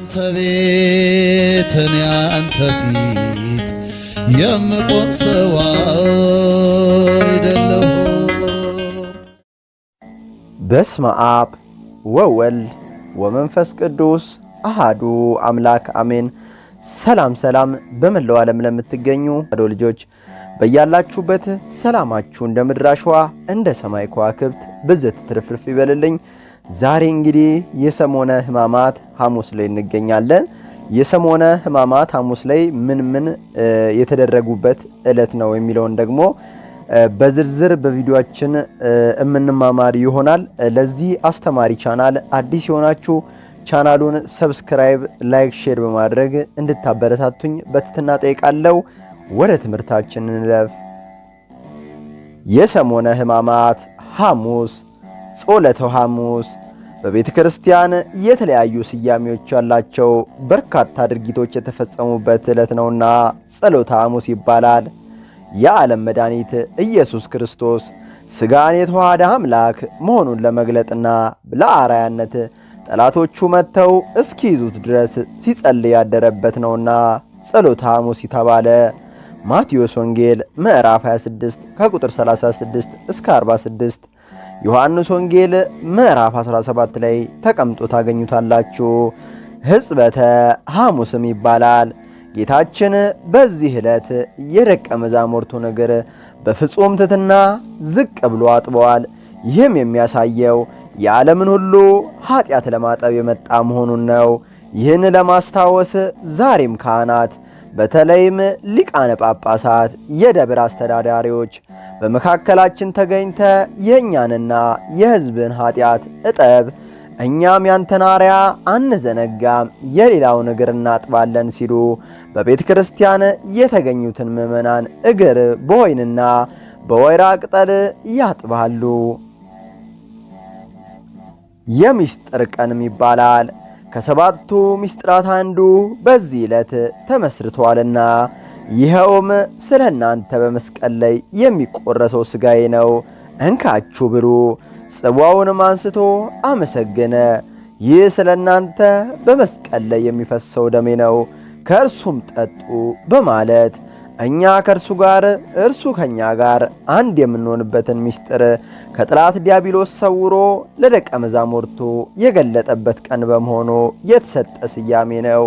አንተ ቤት እኔ አንተ ፊት የምቆም ሰው አይደለሁ። በስመ አብ ወወልድ ወመንፈስ ቅዱስ አሃዱ አምላክ አሜን። ሰላም ሰላም፣ በመላው ዓለም ለምትገኙ አዶ ልጆች በያላችሁበት ሰላማችሁ እንደ ምድር አሸዋ እንደ ሰማይ ከዋክብት ብዝት ትርፍርፍ ይበልልኝ። ዛሬ እንግዲህ የሰሞነ ህማማት ሐሙስ ላይ እንገኛለን። የሰሞነ ህማማት ሐሙስ ላይ ምን ምን የተደረጉበት እለት ነው የሚለውን ደግሞ በዝርዝር በቪዲዮአችን የምንማማር ይሆናል። ለዚህ አስተማሪ ቻናል አዲስ የሆናችሁ ቻናሉን ሰብስክራይብ፣ ላይክ፣ ሼር በማድረግ እንድታበረታቱኝ በትህትና ጠይቃለሁ። ወደ ትምህርታችን እንለፍ። የሰሞነ ህማማት ሐሙስ ጾለተው ሐሙስ በቤተ ክርስቲያን የተለያዩ ስያሜዎች ያላቸው በርካታ ድርጊቶች የተፈጸሙበት ዕለት ነውና ጸሎተ ሐሙስ ይባላል። የዓለም መድኃኒት ኢየሱስ ክርስቶስ ሥጋን የተዋሃደ አምላክ መሆኑን ለመግለጥና ለአራያነት ጠላቶቹ መጥተው እስኪይዙት ድረስ ሲጸልይ ያደረበት ነውና ጸሎተ ሐሙስ የተባለ ማቴዎስ ወንጌል ምዕራፍ 26 ከቁጥር 36 እስከ 46 ዮሐንስ ወንጌል ምዕራፍ 17 ላይ ተቀምጦ ታገኙታላችሁ። ሕጽበተ ሐሙስም ይባላል። ጌታችን በዚህ ዕለት የደቀ መዛሙርቱን እግር በፍጹም ትሕትና ዝቅ ብሎ አጥበዋል። ይህም የሚያሳየው የዓለምን ሁሉ ኀጢአት ለማጠብ የመጣ መሆኑን ነው። ይህን ለማስታወስ ዛሬም ካህናት በተለይም ሊቃነ ጳጳሳት፣ የደብር አስተዳዳሪዎች በመካከላችን ተገኝተ የእኛንና የሕዝብን ኀጢአት እጠብ፣ እኛም ያንተን አርያ አንዘነጋም፣ የሌላውን እግር እናጥባለን ሲሉ በቤተ ክርስቲያን የተገኙትን ምዕመናን እግር በወይንና በወይራ ቅጠል ያጥባሉ። የሚስጥር ቀንም ይባላል። ከሰባቱ ምስጢራት አንዱ በዚህ ዕለት ተመስርቷልና ይኸውም ስለ እናንተ በመስቀል ላይ የሚቆረሰው ሥጋዬ ነው፣ እንካችሁ ብሉ። ጽዋውንም አንስቶ አመሰገነ። ይህ ስለ እናንተ በመስቀል ላይ የሚፈሰው ደሜ ነው፣ ከእርሱም ጠጡ በማለት እኛ ከእርሱ ጋር እርሱ ከእኛ ጋር አንድ የምንሆንበትን ምስጢር ከጥላት ዲያብሎስ ሰውሮ ለደቀ መዛሙርቱ የገለጠበት ቀን በመሆኑ የተሰጠ ስያሜ ነው።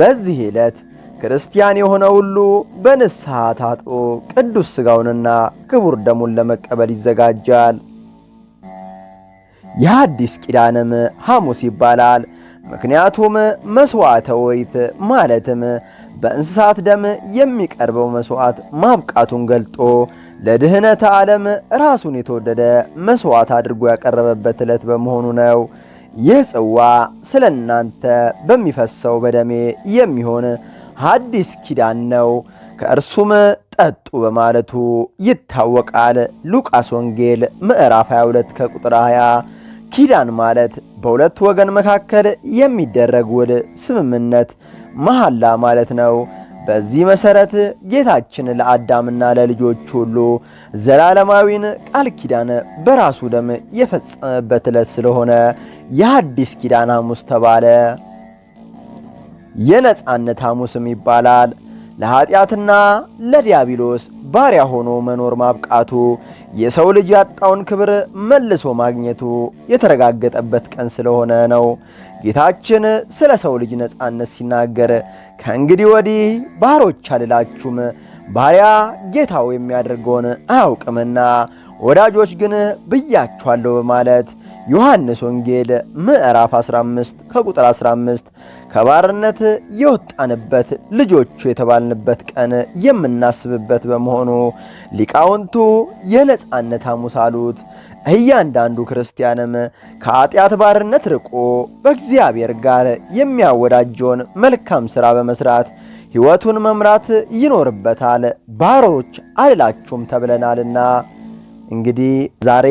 በዚህ ዕለት ክርስቲያን የሆነ ሁሉ በንስሐ ታጥቦ ቅዱስ ሥጋውንና ክቡር ደሙን ለመቀበል ይዘጋጃል። የአዲስ ኪዳንም ሐሙስ ይባላል። ምክንያቱም መሥዋዕተ ወይት ማለትም በእንስሳት ደም የሚቀርበው መስዋዕት ማብቃቱን ገልጦ ለድኅነተ ዓለም ራሱን የተወደደ መስዋዕት አድርጎ ያቀረበበት ዕለት በመሆኑ ነው። ይህ ጽዋ ስለ እናንተ በሚፈሰው በደሜ የሚሆን ሐዲስ ኪዳን ነው፣ ከእርሱም ጠጡ በማለቱ ይታወቃል። ሉቃስ ወንጌል ምዕራፍ 22 ከቁጥር 20 ኪዳን ማለት በሁለት ወገን መካከል የሚደረግ ውል፣ ስምምነት፣ መሐላ ማለት ነው። በዚህ መሠረት ጌታችን ለአዳምና ለልጆች ሁሉ ዘላለማዊን ቃል ኪዳን በራሱ ደም የፈጸመበት ዕለት ስለሆነ የአዲስ ኪዳን ሐሙስ ተባለ። የነጻነት ሐሙስም ይባላል። ለኀጢአትና ለዲያብሎስ ባሪያ ሆኖ መኖር ማብቃቱ የሰው ልጅ ያጣውን ክብር መልሶ ማግኘቱ የተረጋገጠበት ቀን ስለሆነ ነው። ጌታችን ስለ ሰው ልጅ ነፃነት ሲናገር ከእንግዲህ ወዲህ ባሮች አልላችሁም፣ ባሪያ ጌታው የሚያደርገውን አያውቅምና ወዳጆች ግን ብያችኋለሁ በማለት ዮሐንስ ወንጌል ምዕራፍ 15 ከቁጥር 15 ከባርነት የወጣንበት ልጆቹ የተባልንበት ቀን የምናስብበት በመሆኑ ሊቃውንቱ የነጻነት ሐሙስ አሉት። እያንዳንዱ ክርስቲያንም ከኃጢአት ባርነት ርቆ በእግዚአብሔር ጋር የሚያወዳጀውን መልካም ሥራ በመሥራት ሕይወቱን መምራት ይኖርበታል። ባሮች አልላችሁም ተብለናልና እንግዲህ ዛሬ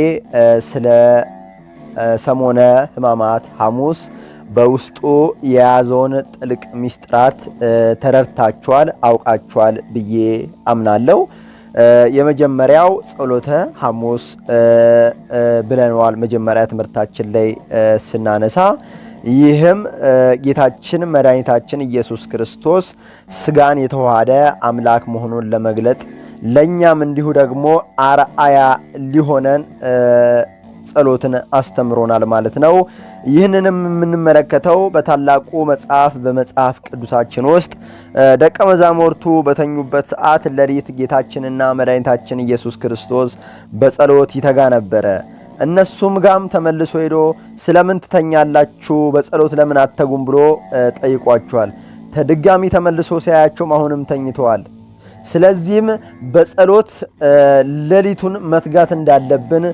ስለ ሰሞነ ሕማማት ሐሙስ በውስጡ የያዘውን ጥልቅ ሚስጥራት ተረድታችኋል፣ አውቃችኋል ብዬ አምናለሁ። የመጀመሪያው ጸሎተ ሐሙስ ብለነዋል። መጀመሪያ ትምህርታችን ላይ ስናነሳ ይህም ጌታችን መድኃኒታችን ኢየሱስ ክርስቶስ ስጋን የተዋሃደ አምላክ መሆኑን ለመግለጥ ለእኛም እንዲሁ ደግሞ አርአያ ሊሆነን ጸሎትን አስተምሮናል ማለት ነው። ይህንንም የምንመለከተው በታላቁ መጽሐፍ በመጽሐፍ ቅዱሳችን ውስጥ ደቀ መዛሙርቱ በተኙበት ሰዓት ሌሊት ጌታችንና መድኃኒታችን ኢየሱስ ክርስቶስ በጸሎት ይተጋ ነበረ። እነሱም ጋም ተመልሶ ሄዶ ስለምን ትተኛላችሁ? በጸሎት ለምን አትተጉም ብሎ ጠይቋቸዋል። ተድጋሚ ተመልሶ ሲያያቸውም አሁንም ተኝተዋል። ስለዚህም በጸሎት ሌሊቱን መትጋት እንዳለብን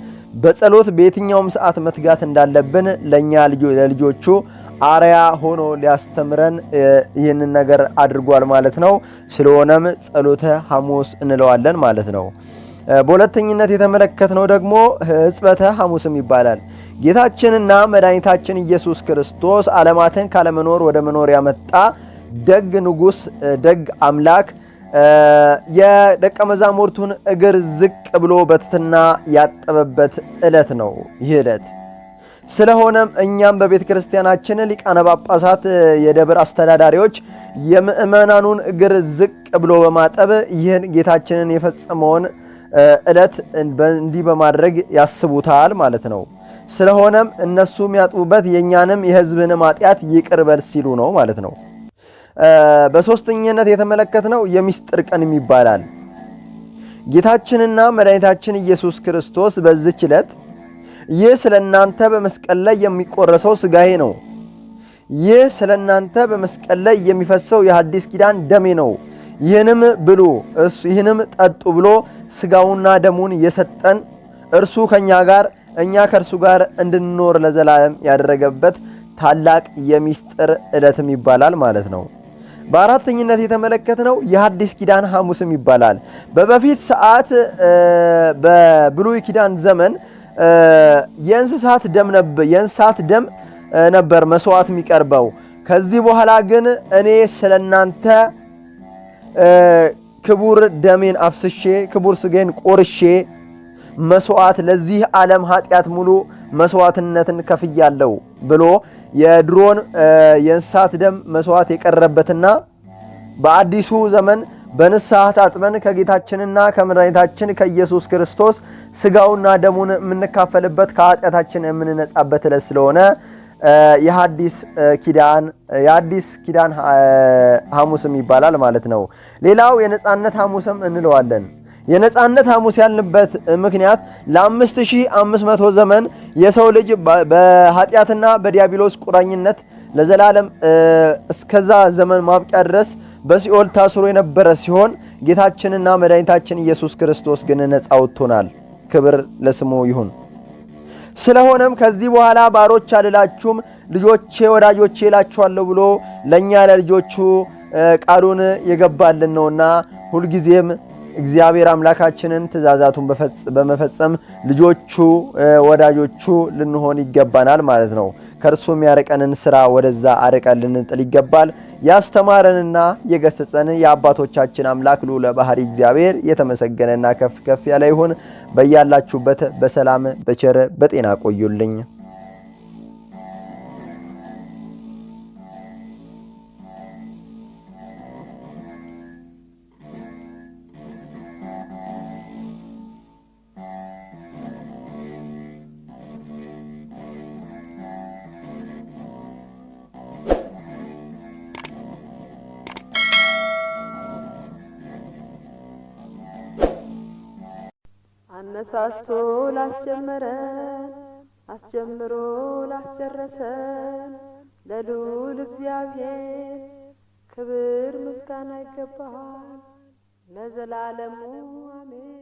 በጸሎት በየትኛውም ሰዓት መትጋት እንዳለብን ለእኛ ለልጆቹ አርያ ሆኖ ሊያስተምረን ይህንን ነገር አድርጓል ማለት ነው። ስለሆነም ጸሎተ ሐሙስ እንለዋለን ማለት ነው። በሁለተኝነት የተመለከትነው ደግሞ ሕጽበተ ሐሙስም ይባላል። ጌታችንና መድኃኒታችን ኢየሱስ ክርስቶስ ዓለማትን ካለመኖር ወደ መኖር ያመጣ ደግ ንጉሥ፣ ደግ አምላክ የደቀ መዛሙርቱን እግር ዝቅ ብሎ በትትና ያጠበበት ዕለት ነው ይህ ዕለት። ስለሆነም እኛም በቤተ ክርስቲያናችን ሊቃነ ጳጳሳት፣ የደብር አስተዳዳሪዎች የምእመናኑን እግር ዝቅ ብሎ በማጠብ ይህን ጌታችንን የፈጸመውን ዕለት እንዲህ በማድረግ ያስቡታል ማለት ነው። ስለሆነም እነሱ የሚያጥቡበት የእኛንም የህዝብን ኃጢአት ይቅር በል ሲሉ ነው ማለት ነው። በሶስተኝነት የተመለከትነው የሚስጥር ቀን ይባላል። ጌታችንና መድኃኒታችን ኢየሱስ ክርስቶስ በዚች ዕለት ይህ ስለ እናንተ በመስቀል ላይ የሚቆረሰው ስጋዬ ነው፣ ይህ ስለ እናንተ በመስቀል ላይ የሚፈሰው የሐዲስ ኪዳን ደሜ ነው፣ ይህንም ብሉ፣ ይህንም ጠጡ ብሎ ስጋውና ደሙን የሰጠን እርሱ ከእኛ ጋር እኛ ከእርሱ ጋር እንድንኖር ለዘላለም ያደረገበት ታላቅ የሚስጥር ዕለትም ይባላል ማለት ነው። በአራተኝነት የተመለከትነው የሐዲስ ኪዳን ሐሙስም ይባላል። በበፊት ሰዓት በብሉይ ኪዳን ዘመን የእንስሳት ደም የእንስሳት ደም ነበር መስዋዕት የሚቀርበው። ከዚህ በኋላ ግን እኔ ስለናንተ ክቡር ደሜን አፍስሼ ክቡር ስጋዬን ቆርሼ መስዋዕት ለዚህ ዓለም ኃጢአት ሙሉ መስዋዕትነትን ከፍያለሁ ብሎ የድሮን የእንስሳት ደም መስዋዕት የቀረበትና በአዲሱ ዘመን በንስሐ ታጥበን ከጌታችንና ከመድኃኒታችን ከኢየሱስ ክርስቶስ ስጋውና ደሙን የምንካፈልበት ከኃጢአታችን የምንነጻበት ዕለት ስለሆነ የሐዲስ ኪዳን የአዲስ ኪዳን ሐሙስም ይባላል ማለት ነው። ሌላው የነጻነት ሐሙስም እንለዋለን። የነጻነት ሐሙስ ያልንበት ምክንያት ለ5500 ዘመን የሰው ልጅ በኃጢአትና በዲያብሎስ ቁራኝነት ለዘላለም እስከዛ ዘመን ማብቂያ ድረስ በሲኦል ታስሮ የነበረ ሲሆን ጌታችንና መድኃኒታችን ኢየሱስ ክርስቶስ ግን ነጻ ወጥቶናል። ክብር ለስሙ ይሁን። ስለሆነም ከዚህ በኋላ ባሮች አልላችሁም፣ ልጆቼ ወዳጆቼ እላችኋለሁ ብሎ ለእኛ ለልጆቹ ቃሉን የገባልን ነውና ሁልጊዜም እግዚአብሔር አምላካችንን ትእዛዛቱን በመፈጸም ልጆቹ ወዳጆቹ ልንሆን ይገባናል ማለት ነው። ከእርሱም ያርቀንን ስራ ወደዛ አርቀን ልንጥል ይገባል። ያስተማረንና የገሰጸን የአባቶቻችን አምላክ ልዑለ ባህሪ እግዚአብሔር የተመሰገነና ከፍ ከፍ ያለ ይሁን። በያላችሁበት በሰላም በቸር በጤና ቆዩልኝ። አነሳስቶ ላስጀመረን አስጀምሮ ላስጨረሰን ለልዑል እግዚአብሔር ክብር ምስጋና ይገባል ለዘላለሙ አሜን።